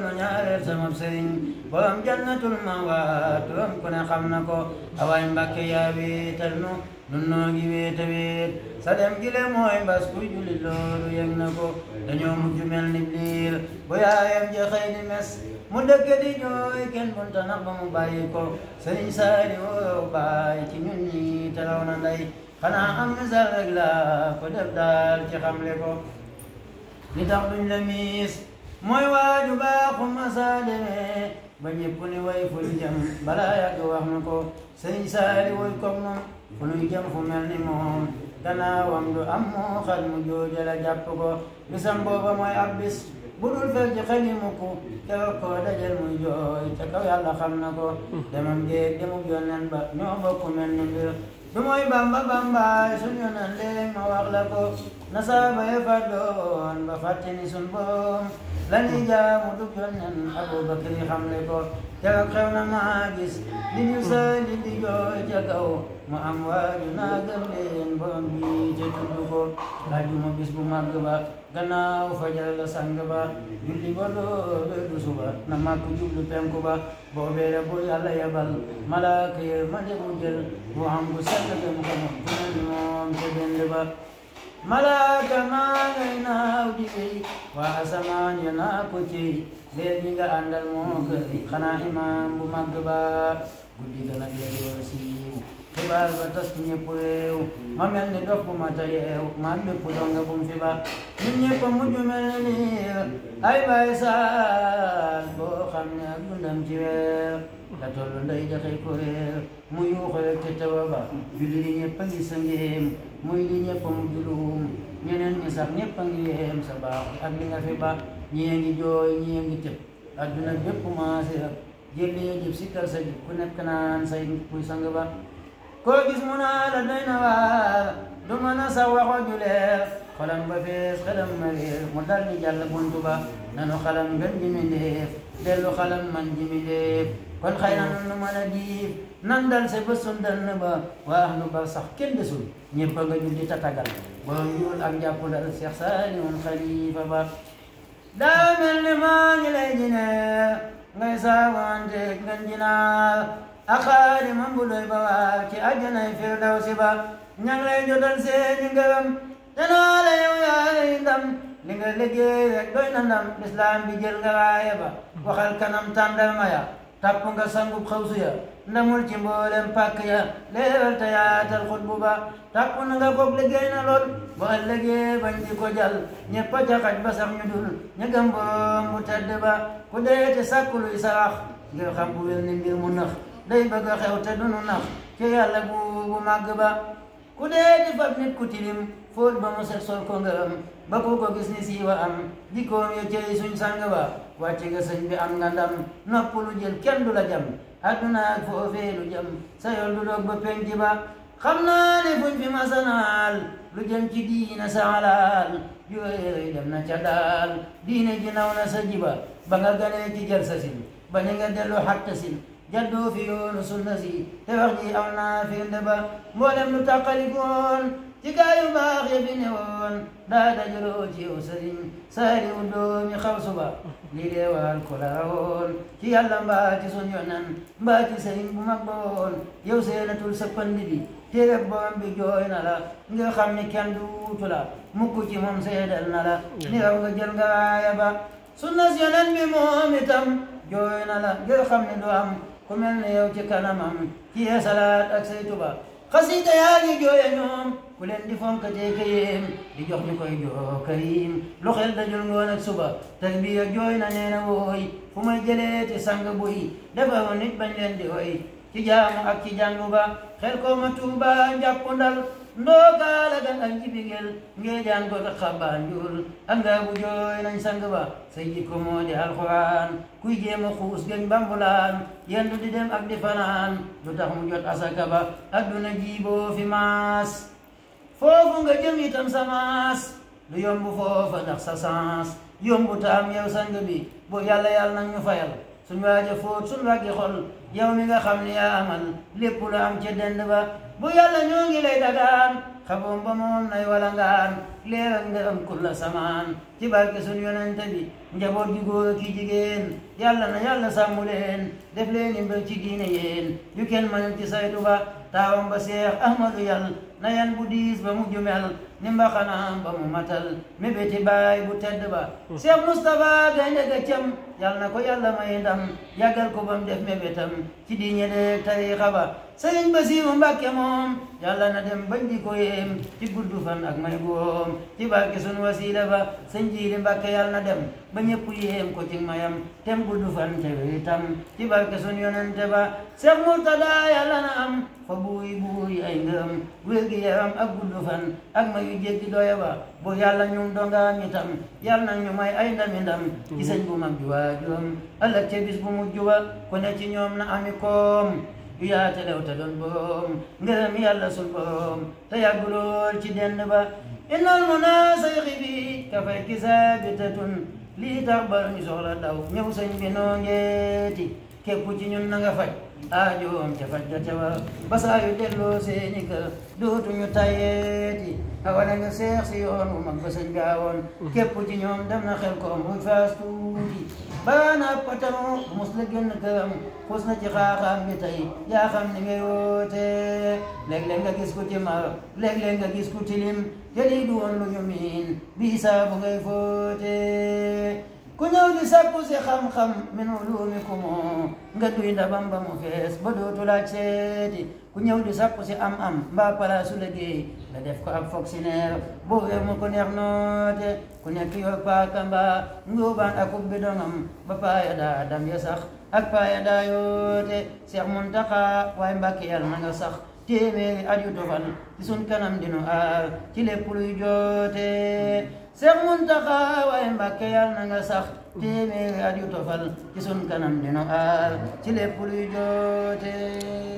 lu ñaareel sama sëriñ borom jannatul mawaa turam ku ne xam na ko awaay mbàkke yaa wéetal nu nun noo ngi wéeta sa dem gile mooy mbas kuy julli loolu yëg na ko dañoo mujj mel ni liir bu yaayam ja xëy ni mes mu dëkk di jooy kenn bunta nax ba mu bàyyi ko sëriñ saari woo baay ci ñun ñi telaw na ndey xanaa am misal rek la ko def daal ci xamle ko li tax duñ la mooy waaju baaxu masaa demee ba ñépp ni way fu ñu jëm balaa yàgg ko sëriñ saali woy kom noon fu ñuy jëm fu mel ni moom gannaawam du am moo mu jooje la jàpp ko bisam booba mooy ab bis bu dul fekk ci xel yi mukk keroog koo dajal jooy ca kaw yàlla xam na ko hmm. demam géeg demug yónneen ba ñoo bokk mel ni mbir lu mooy bamba bamba suñu nan leen ma wax la ko nasaaba ya fàddoon ba fàtte ni sun boom la ñuy jaamu dug yonnen Abubakar yi xam le ko jaga xew na maa gis li ñu sali di jooy ca kaw mu am waaju naa gëm leen borom bi ca tudd ko laajuma bis bu màgg ba gannaaw fajal la ba julli ba loolu du suba na màkk jublu penku ba boobee la bu yàlla yabal malaaka ye ma ne mu jël bu xam bu sell dem ko moom fu ne moom ba malaaka maa ngay naaw di béy waa asamaan ya naa ko cey leer ñi nga moo kër xanaa imaam bu ba guddi ga nag léegi war a siiw xibaar ba tas ñëpp ma mel ni dof bu ma tey eew ma bépp donga bu mu fi ba ñun ñëpp a mujj mel ni ay baay saal boo xam ne ak dundam ci weer la tollu nday jaxay ko réer mu yuuxoo te tawa ba julli di ñëpp a ngi sa ngéem muy di ñëpp a mujj luum ñeneen ñi sax ñëpp a ngi yéem sa baax ak li nga fi ba ñii a ngi jooy ñii a ngi tëb adduna bépp maase jëlee jëf si kal sa jub nekk naan say kuy sang ba koo gis mu naa la doy na waar du mën a sax waxo juleef xolam ba fees xelam ma réer mu dal ni jàll buntu ba nanu xalam gën ji mi ndéef dellu xalam man ji kon xëy na nu mën a diif nan dal sa bés suñ dal na ba waax nu ba sax kenn desul ñëpp a nga julli tatagal borom Seex Saaliw ba mel ni maa ngi lay ngay saawanteeg gan jinaar ak xaari man bu doy ba waar ci àjjanay firdawsi ba ñang lay jotal seeni ngërëm te noo la yow ndam li nga liggéey rek doy na ndam lislaam bi jël nga waaye ba waxal kanam tàndarma ya tàpp nga sangub xawsu ya ndamul ci mboolem pàkk ya leeral te yaatal xutbu ba tàpp nga koog liggéey na lool bu ëllëgee bañ di ko jàll ñëpp a jaxaj ba sax ñu dul ñu gëm boom bu tedd ba ku dee te sàkku luy sarax ngir xam bu wel ni mbir mu nax day bëgg a xew te dunu nax ci yàlla bu bu màgg ba ku dee di fab nit ku tilim fóot ba mu set sol ko ngërëm ba ku ko gis ni siiwa am jikkoom ya cey suñ sàng ba wàcc nga sëñ bi am nga ndam nopp lu jël kenn du la jam adduna ak foofee lu jam sa yoon du doog ba penc ba xam naa ne fuñ fi masanaal lu jëm ci diina sa alaal yooyu dem na ca daal diine ji naw na sa jiba ba nga ganee ci jël sin ba ni nga dellu xatta sin jaddoo fi yoonu sunna si te wax ji am naa firnde ba mboolem lu tàqalikoon ci gaayu baax ya fi ne woon daa dajaloo ci yow sëriñ saari wu doomi xaw suba lii dee waal ko laa woon ci yàlla mbaa sun yonan mbaa ci sëriñ bu mag ba woon yow seenatul sëppandi bi téere borom bi jooy na la nga xam ni kenn du la mukk ci moom seedal na la ni raw nga jël nga raaya ba sunnas yonan bi moom itam jooy na la nga xam ni du am ku mel ne yow ci kanamam ci yeesalaat ak say tuba xasida yaa ngi jooya ñoom ku leen di fonkatee kayim di jox ñu koy joo kayim lu xel dajul ngoon ak suba talbiya jooy na nee na wooy fu may jëlee ci sang buy dafa nit bañ leen di oy ci jaamu ak ci jàngu ba xel ko ma tuuba njàppu ndal ndoogaale gan ak ci bigel ngeejaan ko tax xambaan njurul am ngaa bu jooy nañ sang ba sa jikko moo di alxuraan kuy jéem a xuus gën bambulaan yendu di dem ak di fanaan du tax mu jot asaka ba adduna jiiboo fi maas foofu nga jëm itam sa maas du yomb foofa ndax sa sans yombu taam yow sang bi bu yàlla yàlla nag ñu fayal suñ waaja fóot suñ wàggi xol yow mi nga xam ne yaa amal lépp lu am ca dend ba bu yàlla ñoo ngi lay dagaan xaboom ba moom nay walangaan leer ak ngërëm la samaan ci barke sun yonente bi njaboot gi góor ki jigéen yàlla na yàlla sàmmu leen def leen imbir ci diine yéen yu kenn manul ci saytu ba taawam ba seex ahmadu yàlla na yan bu diis ba mujju mel ni mbaxanaam ba mu matal mi biti baay bu tedd ba Cheikh Moustapha gaynde ga cam yal na ko yàlla may ndam yàggal ko bam def mébétam ci diine de tariixa ba sëriñ Basiiru Mbàkke na dem bañ di ko yéem ci gudd fan ak may goom ci barke sun wasiila ba sëñ Jiili Mbàkke yàlla na dem ba ñëpp yéem ko ci mayam tem gudd fan te wéetam ci barke sun yonente ba Cheikh Murtada yàlla na am fa buuy buuy ay ngëm wér gi yaram ak gudd fan ak may yu jéggi doya ba bu yàlla ñum dongaam itam yàlla nag ñu may ay ndami ndam ci sëñ bu mag juwaajoom ëllëg ca bis bu mujj ba ku ne ci ñoom na ami koom yu yaate lew te doon boom ngërëm yàlla sul boom te yàgg lool ci denn ba innal muna sayxi bi kafay kisabitatun lii tax ba ñu soxla daw ñëw bi noo ngeeti képp ci ñun na nga faj aajoom ca faj ga ca war ba saa yu delloo seeni kër dootuñu tayeeti nga seex si yoon wu mag ba gaawoon mm-hmm. képp ci ñoom dem na xel koom muy faas tuuti baanaab patamu mus la génn këram xus na ci xaaxaam bi tey yaa ni ngay woote léeg nga gis ci mar léeg nga gis tilim te lii du woon lu ñu miin bii saa bu ngay foote ku ñëw di sàkku si xam-xam min ulumikum nga duy ndabam ba mu fees ba dootu laaj seeti ku ñëw di sàkku si am-am mbaa palaasu liggéey nga def ko ab fonctionnaire boo wee mu ko neex noote ku nekk yor paaka mbaa njóobaan ak ub bidongam ba paaya daa dam ya sax ak paaya daa yoote Seex Muntaxa waaye Mbàkke yàlla na nga sax téeméeri at yu tofal ci sun kanam dinu aar ci lépp luy joote Seex Muntaxa waaye Mbàkke yal na nga sax téeméeri at yu tofal ci aar ci lépp luy